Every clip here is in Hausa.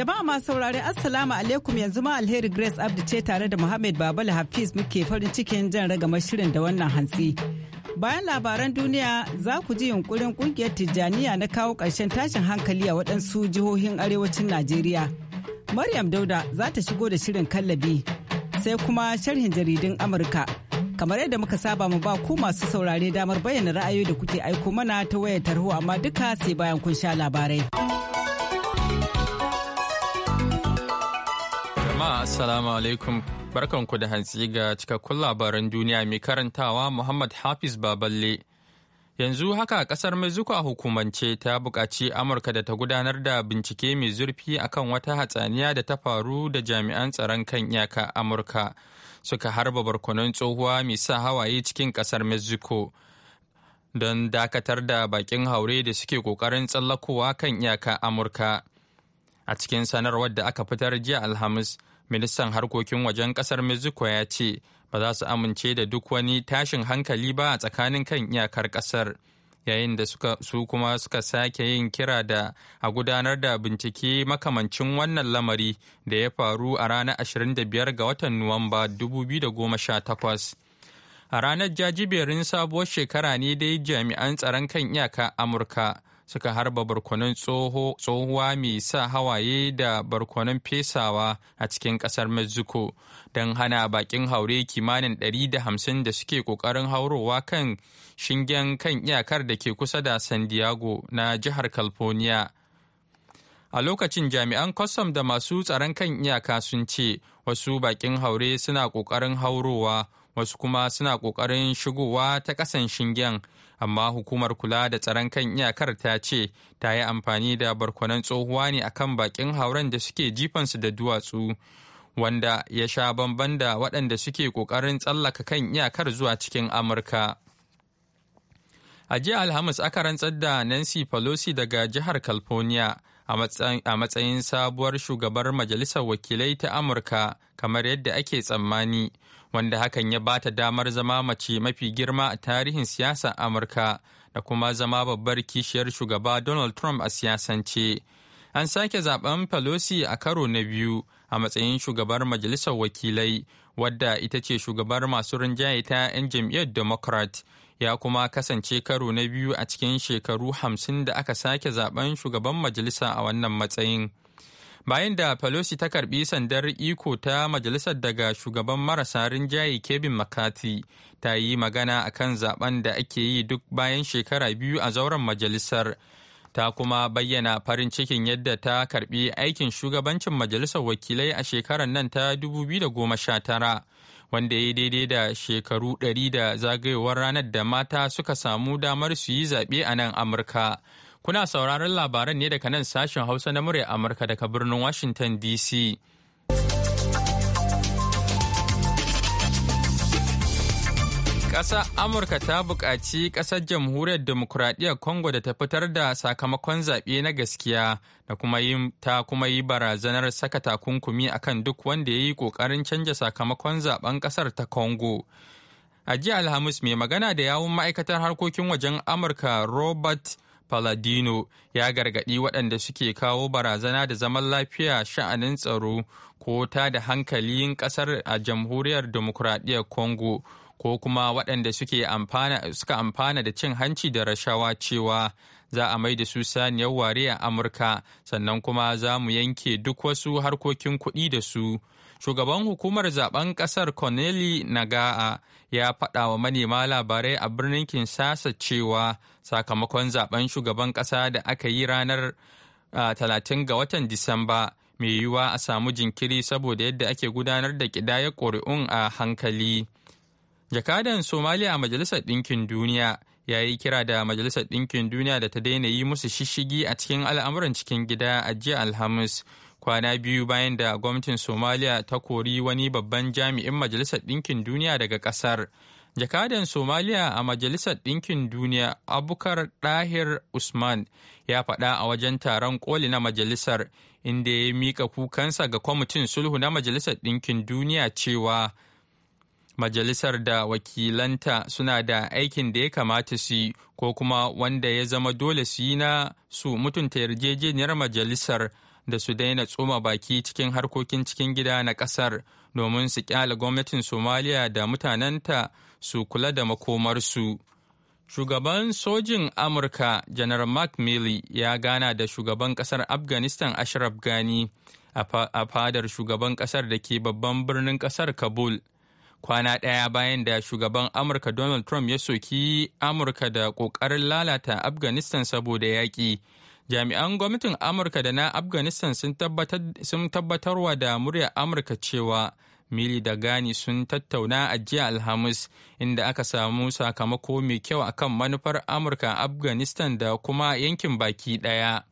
Jama'a masu saurari Assalamu alaikum yanzu ma alheri Grace Abdi ce tare da Muhammad Babala Hafiz muke farin cikin jan ragama shirin da wannan hantsi. Bayan labaran duniya za ku ji yunkurin kungiyar Tijjaniya na kawo ƙarshen tashin hankali a waɗansu jihohin arewacin Najeriya. Maryam Dauda za ta shigo da shirin kallabi sai kuma sharhin jaridun Amurka. Kamar yadda muka saba mu ba ku masu saurare damar bayyana ra'ayoyi da kuke aiko mana ta wayar tarho amma duka sai bayan kun sha labarai. assalamu alaikum barkanku da hantsi ga cikakkun labaran duniya mai karantawa Muhammad Hafiz Baballe. Yanzu haka kasar Mexico a hukumance ta buƙaci Amurka da ta gudanar da bincike mai zurfi akan wata hatsaniya da ta faru da jami'an tsaron kan iyaka Amurka suka harba barkonon tsohuwa mai sa hawaye cikin kasar Mexico. don dakatar da bakin haure da suke kokarin tsallakowa kan iyaka amurka a cikin sanarwar da aka fitar jiya alhamis ministan harkokin wajen kasar mexico ya ce ba za su amince da duk wani tashin hankali ba a tsakanin kan iyakar kasar yayin da su kuma suka sake yin kira da a gudanar da bincike makamancin wannan lamari da ya faru a ranar 25 ga watan nuwamba 2018 a ranar jajiberin sabuwar shekara ne dai jami'an tsaron kan iyaka amurka suka harba barkonon tsohuwa mai sa hawaye da barkonon fesawa a cikin kasar mexico don hana bakin haure kimanin ɗari da hamsin da suke ƙoƙarin haurowa kan shingen kan iyakar da ke kusa da san diego na jihar california a lokacin jami'an kwastam da masu tsaron kan iyaka sun ce wasu bakin haure suna ƙoƙarin haurowa wasu kuma suna ƙoƙarin shigowa ta ƙasan shingen amma hukumar kula da tsaron kan iyakar ta ce ta yi amfani da barkwanan tsohuwa ne akan bakin hauren da suke jifansu da duwatsu wanda ya sha bamban da waɗanda suke ƙoƙarin tsallaka kan iyakar zuwa cikin amurka a jiya alhamis aka rantsar da nancy pelosi daga jihar california a matsayin sabuwar shugabar majalisar wakilai ta amurka kamar yadda ake tsammani wanda hakan ya ba ta damar zama mace mafi girma a tarihin siyasar amurka da kuma zama babbar kishiyar shugaba donald trump a siyasance an sake zaben pelosi a karo na biyu a matsayin shugabar majalisar wakilai wadda ita ce shugabar masu rinjaye ta 'yan jam'iyyar democrat ya kuma kasance karo na biyu a cikin shekaru hamsin da aka sake zaben shugaban majalisa a wannan matsayin bayan da pelosi ta karbi sandar iko ta majalisar daga shugaban marasa rinjaye kevin mccarthy ta yi magana a kan zaben da ake yi duk bayan shekara biyu a zauren majalisar ta kuma bayyana farin cikin yadda ta karbi aikin shugabancin majalisar wakilai a shekarar nan ta 2019 wanda ya yi daidai da shekaru ɗari da zagayowar ranar da mata suka samu damar su yi zaɓe a nan Amurka. Kuna sauraron labaran ne daga nan sashen Hausa na murya Amurka daga birnin Washington DC. Ƙasar Amurka ta buƙaci ƙasar jamhuriyar demokuraɗiyyar Congo da ta fitar da sakamakon zaɓe na gaskiya da kuma yi ta kuma yi barazanar saka takunkumi a kan duk wanda ya yi ƙoƙarin canja sakamakon zaɓen ƙasar ta Congo. A jiya Alhamis mai magana da yawun ma'aikatar harkokin wajen Amurka Robert Paladino ya gargaɗi waɗanda suke kawo barazana da zaman lafiya sha'anin tsaro ko ta da hankalin ƙasar a jamhuriyar demokuraɗiyyar Congo ko kuma waɗanda suka amfana da cin hanci da rashawa cewa za a mai da su saniyar ware a amurka sannan kuma za mu yanke duk wasu harkokin kuɗi da su shugaban hukumar zaben ƙasar corneli ga'a ya faɗa wa manema labarai a birnin kinshasa cewa sakamakon zaben shugaban ƙasa da aka yi ranar 30 ga watan disamba mai yiwuwa a samu jinkiri saboda yadda ake gudanar da ƙidayar ƙuri'un a hankali. Jakadan Somaliya a Majalisar Ɗinkin Duniya ya yi kira da Majalisar Ɗinkin Duniya da ta daina yi musu shishigi a cikin al'amuran cikin gida a jiya Alhamis. Kwana biyu bayan da gwamnatin Somaliya ta kori wani babban jami'in Majalisar Ɗinkin Duniya daga ƙasar. Jakadan Somaliya a Majalisar Ɗinkin Duniya Abukar Dahir Usman ya faɗa a wajen taron koli na majalisar inda ya mika kukansa ga kwamitin sulhu na Majalisar Ɗinkin Duniya cewa majalisar da wakilanta suna da aikin da ya kamata su yi ko kuma wanda ya zama dole su yi na su mutunta yarjejeniyar majalisar da su daina tsoma baki cikin harkokin cikin gida na kasar domin su kyala gwamnatin somaliya da mutanenta su kula da makomarsu shugaban sojin amurka janar mark milley ya gana da shugaban kasar afghanistan ashraf ghani a fadar shugaban kasar da ke babban birnin kasar kabul kwana ɗaya bayan da shugaban amurka donald trump ya soki amurka da ƙoƙarin lalata afghanistan saboda yaƙi jami'an gwamnatin amurka da na afghanistan sun tabbatarwa da murya amurka cewa mili da gani sun tattauna a jiya alhamis inda aka samu sakamako mai kyau akan manufar amurka afghanistan da kuma yankin baki ɗaya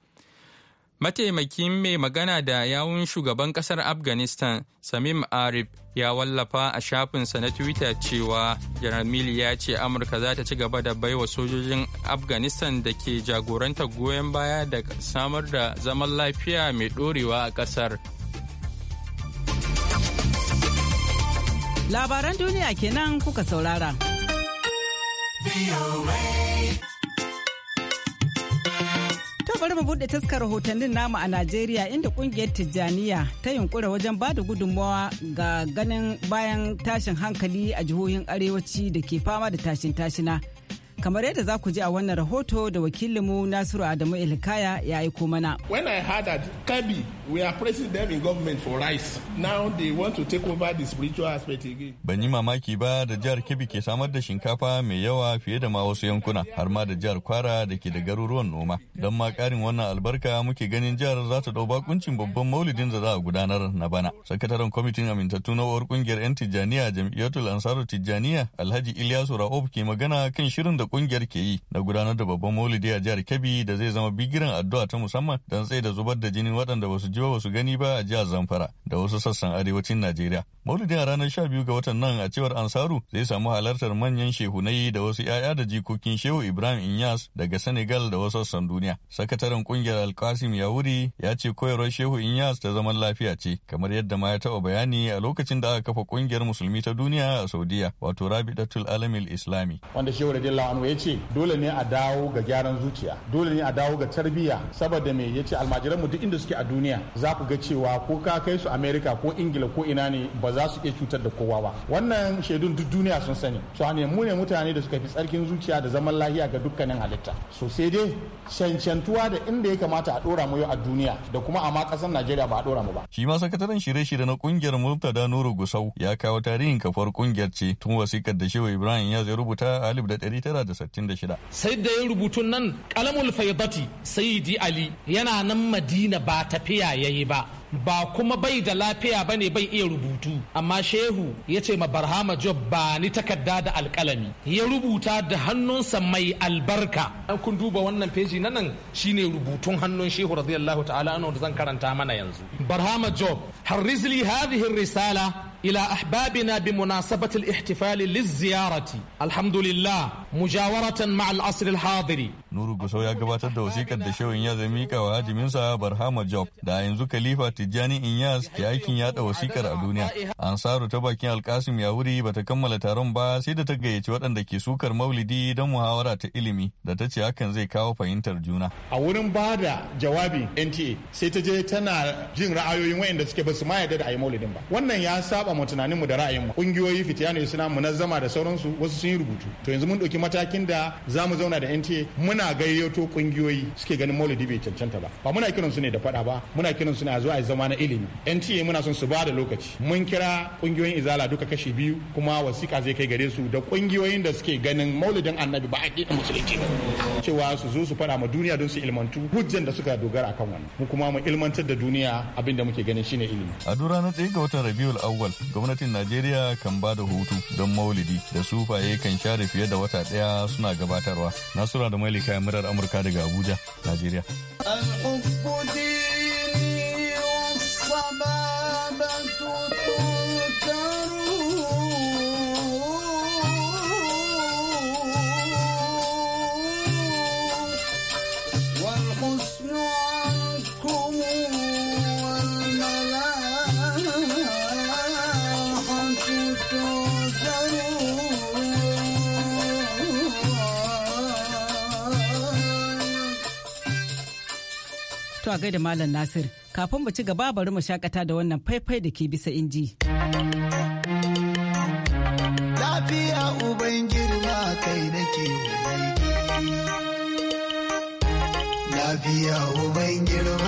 Mataimakin mai magana da yawun shugaban kasar Afghanistan, Samim Arif, ya wallafa a shafinsa na Twitter cewa Janar ya ce Amurka za ta ci gaba da baiwa sojojin Afghanistan da ke jagorantar goyon baya da samar da zaman lafiya mai ɗorewa a ƙasar. Labaran duniya kenan kuka saurara. bari mu buɗe taskar rahotannin namu a Najeriya inda kungiyar Tijjaniya ta yunkura wajen ba da gudunmawa ga ganin bayan tashin hankali a jihohin arewaci da ke fama da tashin tashina. kamar yadda za ku ji a wannan rahoto da wakilinmu Nasiru Adamu Ilkaya ya aiko mana. When I heard that Kabi we are pressing them in government for rice, now they want to take over the spiritual aspect again. Ban yi mamaki ba da jihar Kebbi ke samar da shinkafa mai yawa fiye da ma wasu yankuna, har ma da jihar Kwara da ke da garuruwan noma. Don ma karin wannan albarka muke ganin jihar za ta dau bakuncin babban maulidin da za a gudanar na bana. Sakataren kwamitin amintattu na uwar kungiyar 'yan Tijjaniya jam'iyyatul Ansaru Tijjaniya Alhaji Ilyasu Ra'ub ke magana kan shirin da kungiyar ke yi na gudanar da babban maulidi a jihar Kebbi da zai zama bigiran addu'a ta musamman don tsaye da zubar da jinin waɗanda ba su ji ba su gani ba a jihar Zamfara da wasu sassan arewacin Najeriya. Maulidin a ranar 12 ga watan nan a cewar Ansaru zai samu halartar manyan shehunai da wasu 'ya'ya da jikokin Shehu Ibrahim Inyas daga Senegal da wasu sassan duniya. Sakataren kungiyar Alkasim Yawuri ya ce koyarwar Shehu Inyas ta zaman lafiya ce kamar yadda ma ya taɓa bayani a lokacin da aka kafa kungiyar musulmi ta duniya a Saudiya wato Rabidatul Alamil Islami. Wanda Shehu Radiyallahu anhu ya ce dole ne a dawo ga gyaran zuciya dole ne a dawo ga tarbiyya saboda me ya ce almajiranmu duk inda suke a duniya za ku ga cewa ko ka kai su amerika ko ingila ko ina ne ba za su iya cutar da kowa ba wannan shaidun duk duniya sun sani to ne mu ne mutane da suka fi tsarkin zuciya da zaman lahiya ga dukkanin halitta sosai dai cancantuwa da inda ya kamata a dora mu yau a duniya da kuma a ma kasar najeriya ba a dora mu ba shi ma sakataren shirye-shirye na kungiyar murtada nuru gusau ya kawo tarihin kafar kungiyar ce tun wasikar da shehu ibrahim ya zai rubuta a 1900 1966 sai da ya rubutun nan kalamul faidati sayyidi ali yana nan madina ba tafiya yayi ba ba kuma bai da lafiya ba ne bai iya rubutu amma shehu ya ce ma barhama job ba ni takarda da alkalami ya rubuta da hannunsa mai albarka an kun duba wannan feji na nan shine rubutun hannun shehu radiyallahu ta'ala anhu da zan karanta mana yanzu barhama job harrizli hadhihi risala إلى أحبابنا بمناسبة الاحتفال للزيارة الحمد لله مجاورة مع الأصل الحاضر Nuru Gusau ya gabatar da wasikar da shawin ya zai mika wa hajiminsa Barhama Job da yanzu Khalifa Tijjani Inyas ke aikin yada wasikar a duniya. Ansaru ta bakin Alkasim ba ta kammala taron ba sai da ta gayyaci waɗanda ke sukar maulidi don muhawara ta ilimi da ta ce hakan zai kawo fahimtar juna. A wurin ba da jawabi NTA sai ta je tana jin ra'ayoyin waɗanda suke ba su ma yarda da a yi maulidin ba. Wannan ya saba mu tunaninmu da ra'ayinmu. Ƙungiyoyi fitiyanu suna munazzama da sauransu wasu sun yi rubutu. To yanzu mun ɗauki matakin da za mu zauna da NTA mun muna gayyato kungiyoyi suke ganin maulidi bai cancanta ba ba muna kiran su ne da fada ba muna kiran su ne a zuwa a zama na ilimi ciye muna son su ba da lokaci mun kira kungiyoyin izala duka kashi biyu kuma wasiƙa zai kai gare su da kungiyoyin da suke ganin maulidin annabi ba a ƙi musulunci cewa su zo su fada ma duniya don su ilmantu hujjan da suka dogara kan wannan mu kuma mu ilmantar da duniya abin da muke ganin shine ilimi a duk ranar ɗaya ga watan Rabiul Awwal gwamnatin Najeriya kan ba da hutu don maulidi da sufaye kan share fiye da wata daya suna gabatarwa Nasura da Malik Kaya murar Amurka daga Abuja, Nigeria. والحسن a gaida Malam Nasir. Kafin mu ci gaba bari mu shakata da wannan faifai da ke bisa inji. Lafiya uban girma kai nake Lafiya uban girma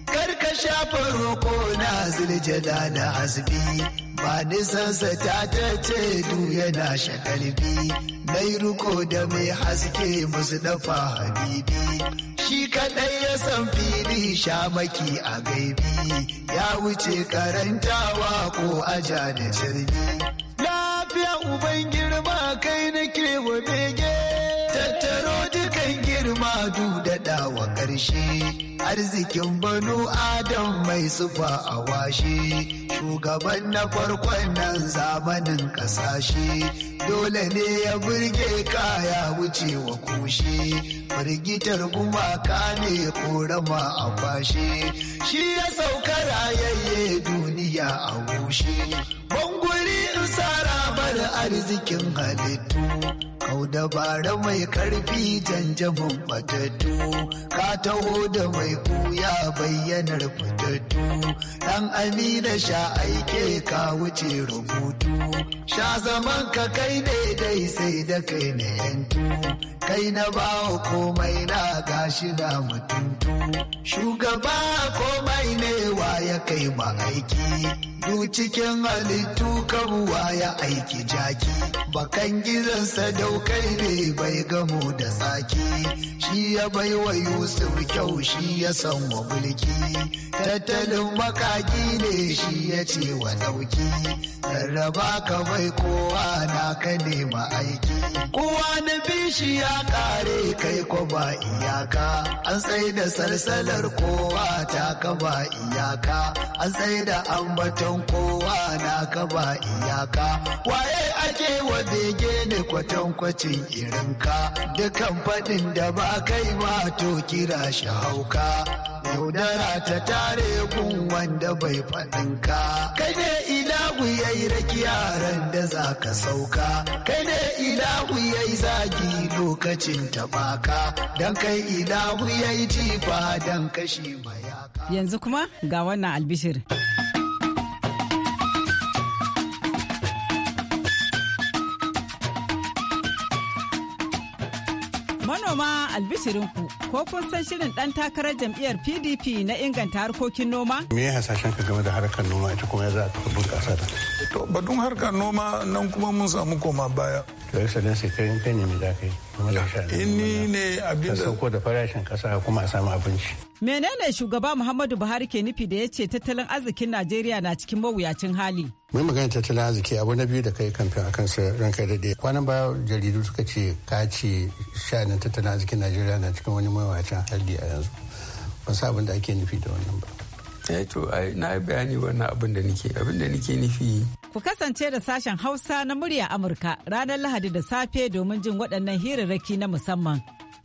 shafa roƙo na ziljada da azbi ba nisansa ta ta ce du yana shakalbi mai ruko da mai haske musu dafa habibi shi kaɗai ya san fili shamaki a gaibi ya wuce karantawa ko aja da jirgi lafiya uban girma kai nake wa bege amshe arzikin banu adam mai sufa a washe shugaban na farkon nan zamanin kasashe dole ne ya burge kaya wucewa kushe firgitar gumaka ne korama a fashe shi ya sauka rayayye duniya a wushe da arzikin halittu kau dabara mai karfi janjamin fatattu ka taho da mai kuya bayyanar fitattu dan amina sha aike ka wuce rubutu sha zaman ka kai daidai sai da kai na yantu kai na bawa komai na gashi da mutuntu shugaba komai ne wa ya kai ma aiki du cikin halittu kan ya aiki jaki bakan gizansa daukai ne bai gamo da saki shi ya bai wa yusuf kyau shi ya san wa mulki tattalin makaki ne shi ya ce wa dauki rarraba ka bai kowa na ka nema aiki kowa na bishiya kare kai ko ba iyaka an sai da salsalar kowa ta ka ba iyaka an sai da ambaton kowa na ka ba iyaka waye ake wa bege ne kwatankwacin irinka dukan faɗin da ba kai ma to kira shi hauka yaudara ta tare kun wanda bai faɗinka kai ne ilahu yayi raki yaran da za ka sauka kai ne ilahu yayi zagi lokacin tabaka dan kai ilahu yayi jifa dan kashi mayaka yanzu kuma ga wannan albishir albishirinku ko kun san shirin ɗan takarar jam'iyyar PDP na inganta harkokin noma? Me ya hasashen ka game da harkar noma ita kuma ya za a bunƙasa da? To batun harkar noma nan kuma mun samu koma baya. To ya sanin sai kai kai ne me za ka kuma eh, ni ne abin da. Ka sauko da farashin kasa kuma a samu abinci. Menene shugaba Muhammadu Buhari ke nufi da ya ce tattalin arzikin Najeriya na cikin mawuyacin hali? Mai magana tattalin arziki abu na biyu da kai kamfen kan sa kai daɗe. Kwanan baya jaridu suka ce ka ce sha'anin tattalin arzikin Najeriya na cikin wani mawuyacin hali a yanzu. Ban sa abin da ake nufi da wannan ba. Eh to na bayani wannan abin da nake abin da nake nufi. Ku kasance da sashen Hausa na murya Amurka ranar Lahadi da safe domin jin waɗannan hirarraki na musamman.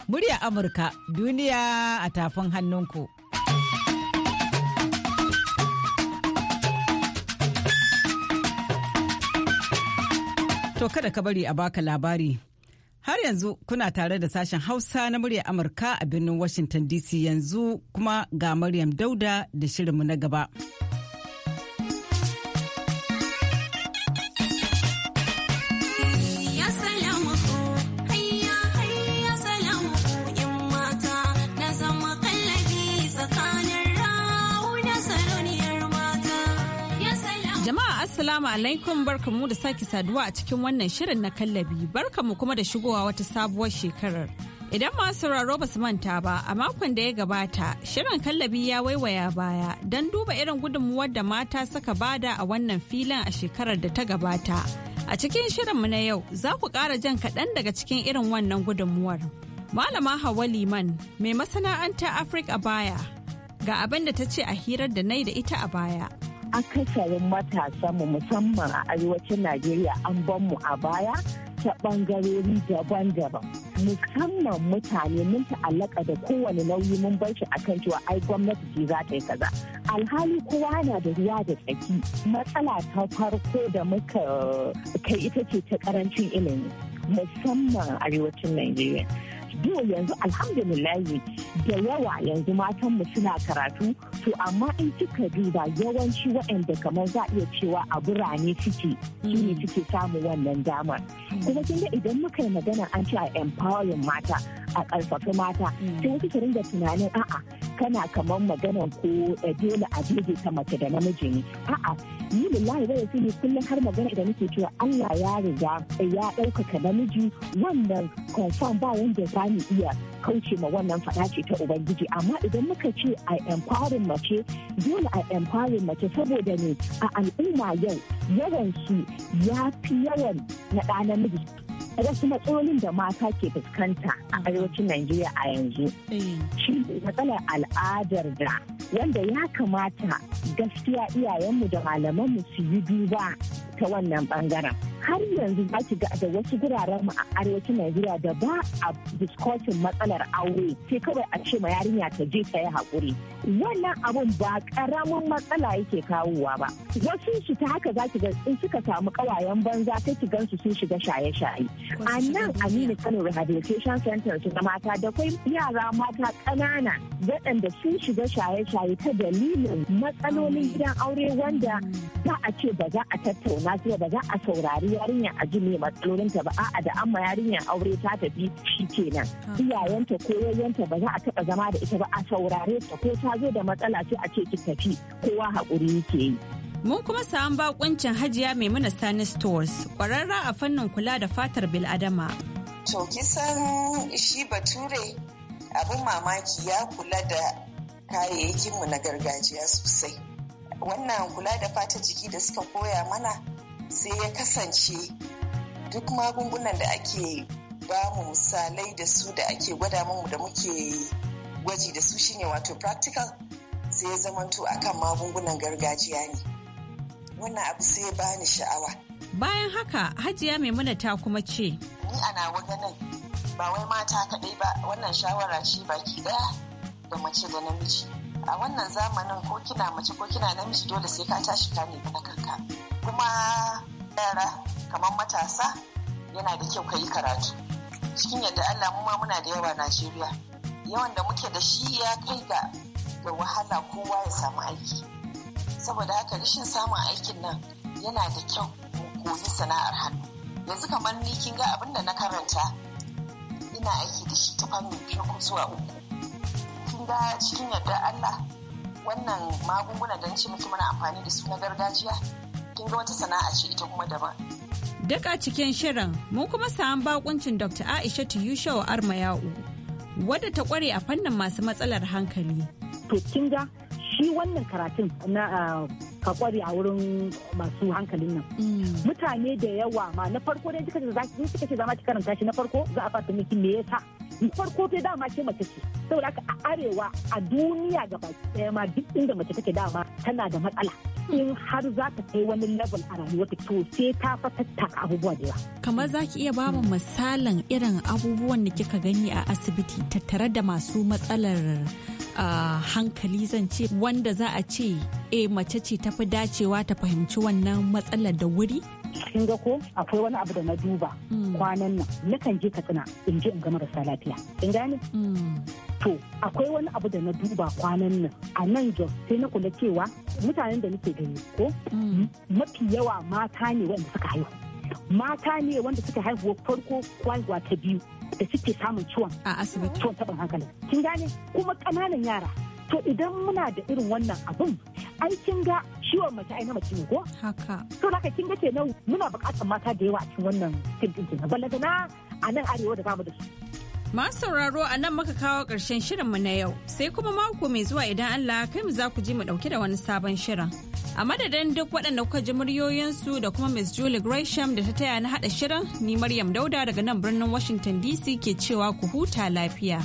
murya Amurka duniya a tafin hannunku. To kada ka bari a baka labari. Har yanzu kuna tare da sashen Hausa na murya Amurka a birnin Washington DC yanzu kuma ga Maryam Dauda da shirinmu na gaba. Assalamu alaikum barkamu da sake saduwa a cikin wannan shirin na kallabi barkamu kuma da shigowa wata sabuwar shekarar. Idan masu sauraro ba su manta ba a makon da ya gabata shirin kallabi ya waiwaya baya don duba irin gudunmuwar da mata suka bada a wannan filin a shekarar da ta gabata. A cikin shirinmu na yau za ku ƙara jan kaɗan daga cikin irin wannan gudunmuwar. Malama Hawa Liman mai masana'anta Afirka baya ga abin da ta ce a hirar da nai da ita a baya. akasarin mu musamman a arewacin najeriya an ban mu a baya ta bangarori daban-daban musamman mutane mun ta'allaka da kowane nauyi mun bar shi a kan cewa ai gwamnati ce za ta yi kaza alhali kowa na da ruwa da tsaki matsala ta farko da muka kai ita ce ta karancin ilimi musamman a arewacin najeriya do yanzu alhamdulillahi da yawa yanzu matan mu suna karatu to amma in kika duba yawanci waɗanda kamar za iya cewa a birane suke su ne mm. suke samu wannan damar kuma kin ga idan muka yi magana an ce a empowering mata a ƙarfafi mata mm. sai wasu su ringa tunanin a'a kana kamar maganan ko eh, dole a ta mace da namiji ne a'a ni lillahi ba su ne kullum har magana da nake cewa Allah ya riga eh, ya ɗaukaka namiji wannan confirm ba wanda za mu iya kauce ma wannan faɗa ce ta ubangiji amma idan muka ce a empowerin mace dole a empowerin mace saboda ne a al'umma yau yawan su ya fi yawan na ɗa namiji wasu matsalolin da mata ke fuskanta a arewacin Najeriya a yanzu eh. shi matsalar al'adar da wanda ya kamata gaskiya iyayenmu da malamanmu su yi duba ta wannan bangaren. har yanzu za ki ga da wasu guraren mu a arewacin Najeriya da ba a discussion matsalar aure sai kawai a ce ma yarinya ta je ta yi haƙuri wannan abun ba karamin matsala yake kawowa ba wasu shi ta haka za ki ga in suka samu kawayen banza ta ki gansu sun shiga shaye-shaye a nan aminu kano rehabilitation center su mata da kwai yara mata ƙanana waɗanda sun shiga shaye-shaye ta dalilin matsalolin gidan aure wanda ba a ce ba za a tattauna su ba za a saurari yarinya a ji me ta ba a'a da amma yarinyar aure ta tafi shi kenan ah. iyayenta ko yayyanta ba za a taɓa zama da ita ba a saurare ta ko ta ta da matsala sai a ce ki tafi kowa haƙuri yake yi. Mun kuma samu bakuncin hajiya Maimuna Sani Stores, ƙwararra a fannin kula da fatar bil'adama. To kisan shi bature abin mamaki ya kula da kayayyakinmu na gargajiya sosai. Wannan kula da fatar jiki da suka koya mana sai ya kasance duk magungunan da ake ba mu misalai da su da ake gwada mu da muke gwaji da su shine wato practical sai ya zamanto akan magungunan gargajiya ne wannan abu sai ya bani sha'awa bayan haka hajiya maimuna ta kuma ce ni ana waganan ba wai mata kaɗai ba wannan shawara ce baki ɗaya da mace da namiji a wannan zamanin ko kina mace ko kina namiji dole sai ka tashi ka nemi na kanka kuma yara kamar matasa yana da kyau ka yi karatu cikin yadda allah mu ma muna da yawa najeriya yawan da muke da shi ya kai ga da wahala kowa ya samu aiki saboda haka rashin samun aikin nan yana da kyau mu koyi sana'ar hannu yanzu kamar ni kin ga abin da na karanta ina aiki da shi ta fanni biyu ko zuwa uku kin ga cikin yadda Allah wannan magunguna da nace miki muna amfani da su na gargajiya kin ga wata sana'a ce ita kuma daban Daka cikin shirin mun kuma samu bakuncin Dr. Aisha Yushau Armayau wadda ta kware a fannin masu matsalar hankali. To kin shi wannan karatun na ka kware a wurin masu hankalin nan. Mm. Mutane da yawa ma na farko dai kika ce kika zama ki karanta shi na farko za a fata miki me yasa. Farko dai dama ke mace ce. Saboda haka arewa a duniya gaba ɗaya ma duk inda mace take dama tana da matsala. in har za ta kai wani level a rayuwarta to sai ta fatatta abubuwa da yawa. Kamar za ki iya ba mu misalin irin abubuwan da kika gani a asibiti tattare da masu matsalar hankali zan ce wanda za a ce eh mace ce tafi dacewa ta fahimci wannan matsalar da wuri? kin ga ko akwai wani abu da na duba mm. kwanan nan nakan je katsina in je in ga marasa lafiya kin gani? Mm. to akwai wani abu da na duba kwanan nan a nan jos sai na kula cewa mutanen da nake gani ko mm. mafi yawa mata ne wanda suka haihu mata ne wanda suka haihuwa farko kwaiwa ta biyu da suke samun ciwon a asibiti ciwon taɓin hankali kin gane kuma ƙananan yara to idan muna da irin wannan abun ai kin ga ciwon mace ai na mace ne ko haka to haka kin ga kenan muna buƙatar mata da yawa a cikin wannan kin din kenan a nan arewa da bamu da su Masu sauraro a nan muka kawo ƙarshen mu na yau sai kuma mako mai zuwa idan Allah kai mu za ku ji mu ɗauke da wani sabon shirin. A madadin duk waɗanda kuka ji muryoyinsu da kuma Miss Julie Gresham da ta taya na haɗa shirin ni Maryam Dauda daga nan birnin Washington DC ke cewa ku huta lafiya.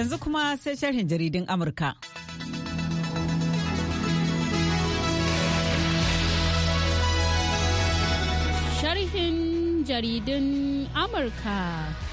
Yanzu kuma sai sharhin jaridun Amurka. Sharhin jaridun Amurka.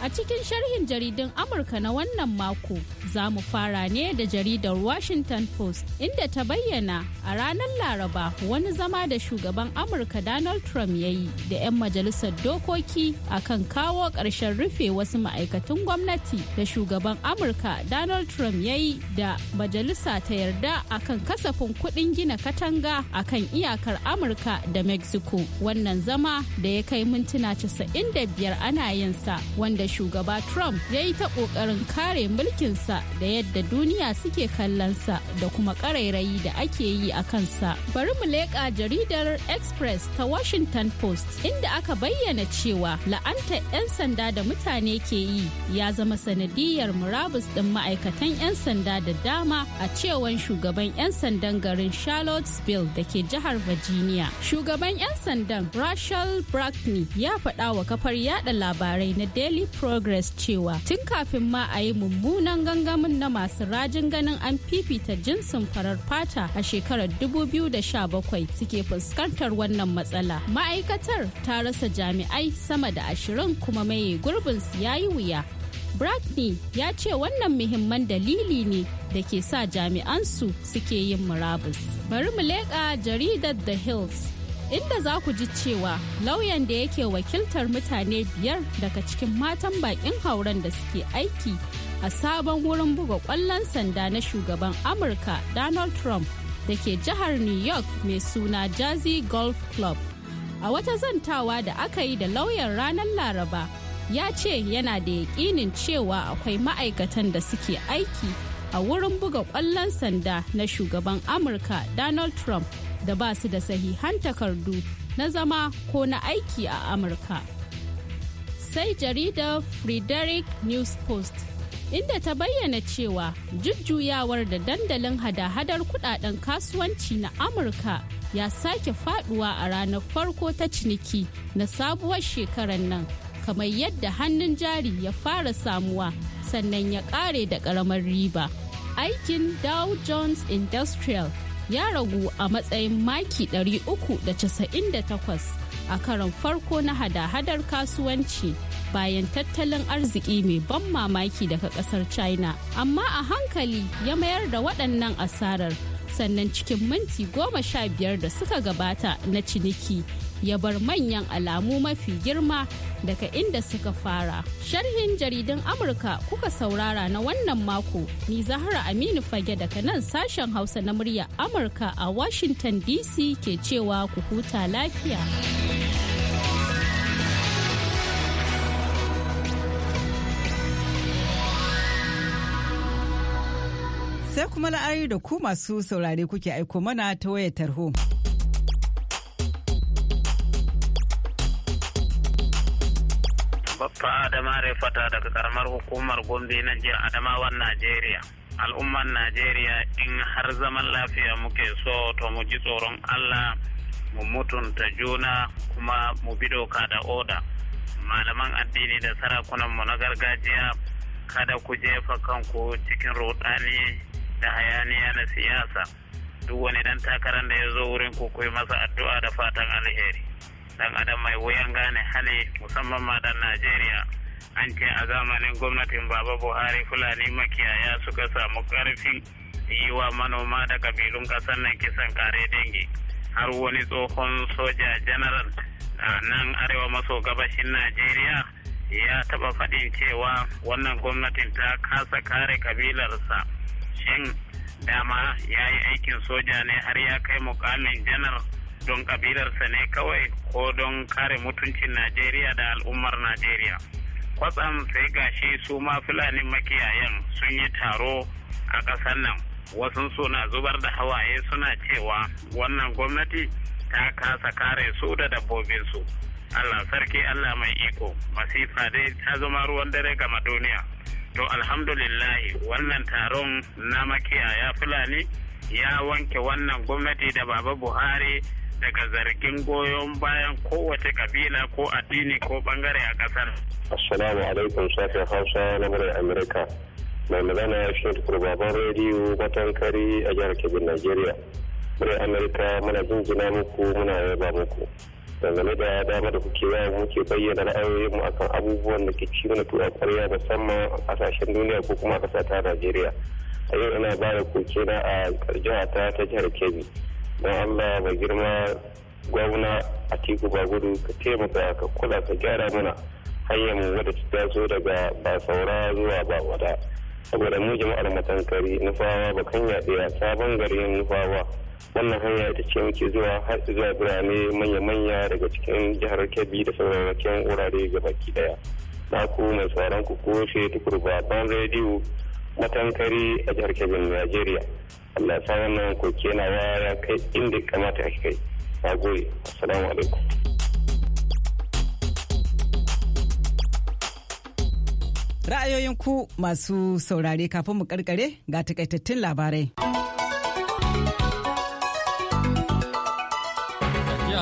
A cikin sharhin jaridun Amurka na wannan mako za mu fara ne da jaridar Washington Post inda ta bayyana a ranar Laraba wani zama da shugaban Amurka Donald Trump ya yi da 'yan majalisar dokoki a kan kawo ƙarshen rufe wasu ma'aikatan gwamnati da shugaban Amurka Donald Trump ya yi da majalisa ta yarda a kan kasafin kuɗin gina katanga a kan iyakar Amurka da Mexico. Wannan zama da ya kai mintuna 95 ana yinsa wanda shugaba Trump ya yi ta ƙoƙarin kare mulkinsa da yadda duniya suke kallonsa da kuma ƙarairayi da ake yi a kansa. Bari mu leƙa jaridar Express ta Washington Post inda aka bayyana cewa la'antar 'yan sanda da mutane ke yi ya zama sanadiyar murabus ɗin ma'aikatan 'yan sanda da dama a cewan shugaban 'yan sandan garin Charlottesville da ke jihar Virginia. Shugaban 'yan sandan Rachel Brackney ya faɗa wa kafar yada labarai na Daily progress cewa tun kafin ma a yi mummunan gangamin na masu rajin ganin an fifita jinsin farar fata a shekarar 2017 suke fuskantar wannan matsala ma'aikatar ta rasa jami'ai sama da ashirin kuma mai su ya yi wuya Bradney ya ce wannan muhimman dalili ne da ke sa jami'ansu suke yin murabus. Bari mu leƙa jaridar The Hills inda za ku ji cewa lauyan da yake wakiltar mutane biyar daga cikin matan bakin hauren da suke aiki a sabon wurin buga kwallon sanda na shugaban amurka donald trump da ke jihar new york mai suna jazzy golf club a wata zantawa da aka yi da lauyan ranar laraba ya ce yana da yakinin cewa akwai ma'aikatan da suke aiki a wurin buga kwallon sanda na shugaban amurka donald trump da ba su da sahihan takardu na zama ko na aiki a Amurka. Sai jaridar Frederick News Post inda ta bayyana cewa jujjuyawar da dandalin hada-hadar kudaden kasuwanci na Amurka ya sake faduwa a ranar farko ta ciniki na sabuwar shekarar nan kamar yadda hannun jari ya fara samuwa sannan ya kare da karamar riba. Aikin Dow Jones Industrial ya ragu a matsayin maki 398 a karon farko na hada-hadar kasuwanci bayan tattalin arziki mai ban mamaki daga kasar china amma a hankali ya mayar da waɗannan asarar sannan cikin minti goma sha biyar da suka gabata na ciniki ya bar manyan alamu mafi girma daga inda suka fara. Sharhin jaridun Amurka kuka saurara na wannan mako, ni Zahra Aminu Fage daga nan sashen Hausa na murya Amurka a Washington DC ke cewa ku huta lafiya. Sai kuma la'ayi da ku masu saurare kuke aiko mana ta wayar tarho. Baffa Adama Refata daga karamar hukumar Gombe na jihar Adamawan Najeriya. Al'ummar Najeriya in har zaman lafiya muke so to mu ji tsoron Allah mu mutunta juna kuma mu bi doka da oda. Malaman addini da sarakunanmu na gargajiya kada ku jefa kanku cikin rudani da hayaniya na siyasa. Duk wani dan takarar da ya zo wurin ku yi masa addu'a da fatan alheri. dan adam mai wuyan gane hali musamman ma dan najeriya an ce a zamanin gwamnatin baba buhari fulani makiyaya suka samu karfin yi wa manoma da kabilun kasar nan kisan kare dangi har wani tsohon soja general a nan arewa maso gabashin najeriya ya taba faɗin cewa wannan gwamnatin ta kasa kare kabilarsa shin dama ya yi aikin soja ne har ya kai mukamin janar don kabilarsa ne kawai ko don kare mutuncin najeriya da al'ummar najeriya kwatsam sai gashi su ma fulani makiyayan sun yi taro a ƙasar nan wasu suna zubar da hawaye suna cewa wannan gwamnati ta kasa kare su da dabbobinsu allah sarki allah mai iko masifa dai ta zama ruwan dare gama duniya to alhamdulillahi wannan taron na makiyaya fulani ya wanke wannan gwamnati da baba buhari daga zargin goyon bayan kowace kabila ko addini ko bangare a kasar. Assalamu alaikum sashen Hausa na murar Amurka. Mai magana ya shi kurbaban rediyo matankari a jihar Kebbi, Najeriya. Murar Amurka muna jinjina muku muna yaba muku. dangane da dama da kuke bayan muke bayyana ra'ayoyinmu akan abubuwan da ke ci mana tura kwarya musamman a kasashen duniya ko kuma a ƙasa Najeriya. A yau ina ba da koke na a jihata ta jihar Kebbi. don allah ba girma gwamna a tiku ba gudu ka taimaka ka kula ka gyara mana hanyar mu wadda ta taso daga ba saura zuwa ba wada saboda mu jama'ar matankari nufawa ba kan yaɗe sabon garin nufawa wannan hanya ita ce muke zuwa har zuwa birane manya-manya daga cikin jihar kebbi da urare wurare baki daya na ku mai sauran ku koshe tukur ban rediyo matankari a jihar kebbi najeriya Allah ya sa wannan koke na yara kai inda kamata ake kai na gode assalamu alaikum ra'ayoyin ku masu saurare kafin mu karkare ga takaitattun labarai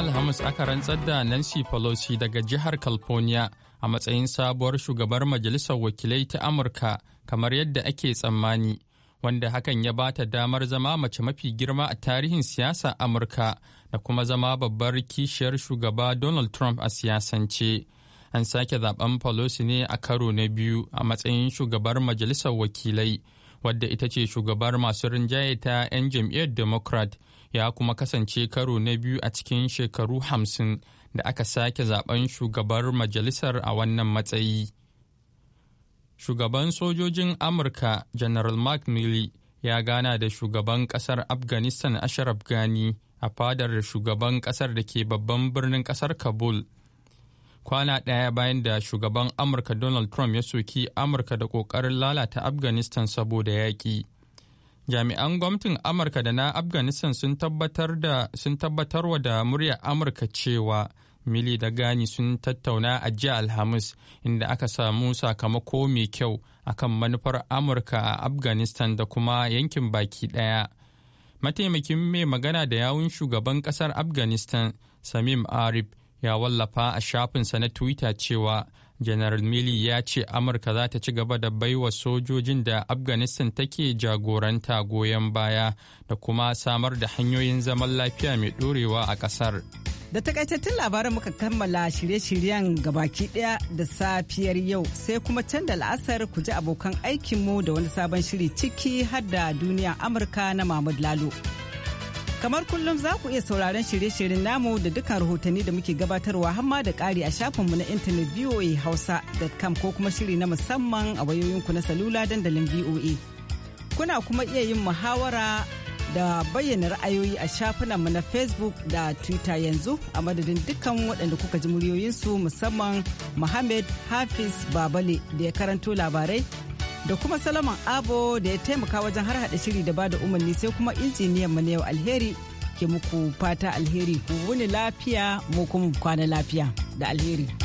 Alhamis aka rantsar da Nancy Pelosi daga jihar California a matsayin sabuwar shugabar Majalisar Wakilai ta Amurka kamar yadda ake tsammani. wanda hakan ya ba ta damar zama mace mafi girma a tarihin siyasa Amurka da kuma zama babbar kishiyar shugaba Donald Trump a siyasance. An sake zaben Pelosi ne a karo na biyu a matsayin shugabar majalisar wakilai, wadda ita ce shugabar masu rinjaye ta 'yan jam'iyyar Democrat ya kuma kasance karo na biyu a cikin shekaru hamsin da aka sake zaben shugabar majalisar a wannan matsayi. Shugaban sojojin Amurka General Mark Milley ya gana da shugaban kasar Afghanistan Ashraf Ghani a fadar shugaban kasar da ke babban birnin kasar Kabul. Kwana ɗaya bayan da shugaban Amurka Donald Trump ya soki Amurka da ƙoƙarin lalata Afghanistan saboda yaƙi. jami'an gwamnatin amurka da na afghanistan sun tabbatar wa da muryar amurka cewa Mili da Gani sun tattauna a jiya Alhamis inda aka samu sakamako mai kyau akan manufar Amurka a Afghanistan da kuma yankin baki daya Mataimakin mai magana da yawun shugaban kasar Afghanistan Samim Arif ya wallafa a shafinsa na Twitter cewa General Milley ya ce Amurka za ta ci gaba da baiwa sojojin da Afghanistan take jagoranta goyon baya da kuma samar da hanyoyin zaman lafiya mai ɗorewa a ƙasar. Da takaitattun labaran muka kammala shirye-shiryen gabaki ɗaya da safiyar yau sai kuma can da la'asar ku ji abokan aikinmu da wani sabon shiri ciki har da duniya Amurka na Mahmud Lalo. Kamar kullum za ku iya sauraron shirye-shiryen namu da dukkan rahotanni da muke gabatarwa hamma da ƙari a shafinmu na intanet VOA Hausa.com ko kuma shiri na musamman a wayoyinku na salula dandalin VOA. Kuna kuma iya yin muhawara da bayyana ra'ayoyi a shafinanmu na Facebook da Twitter yanzu a madadin dukkan waɗanda kuka ji muryoyinsu musamman Muhammad Hafiz Babale da ya karanto labarai. da kuma salaman abo da ya taimaka wajen har hada shiri da bada umarni sai kuma injiniyan mu na yau alheri ke muku fata alheri ku wuni lafiya mu kuma kwana lafiya da alheri.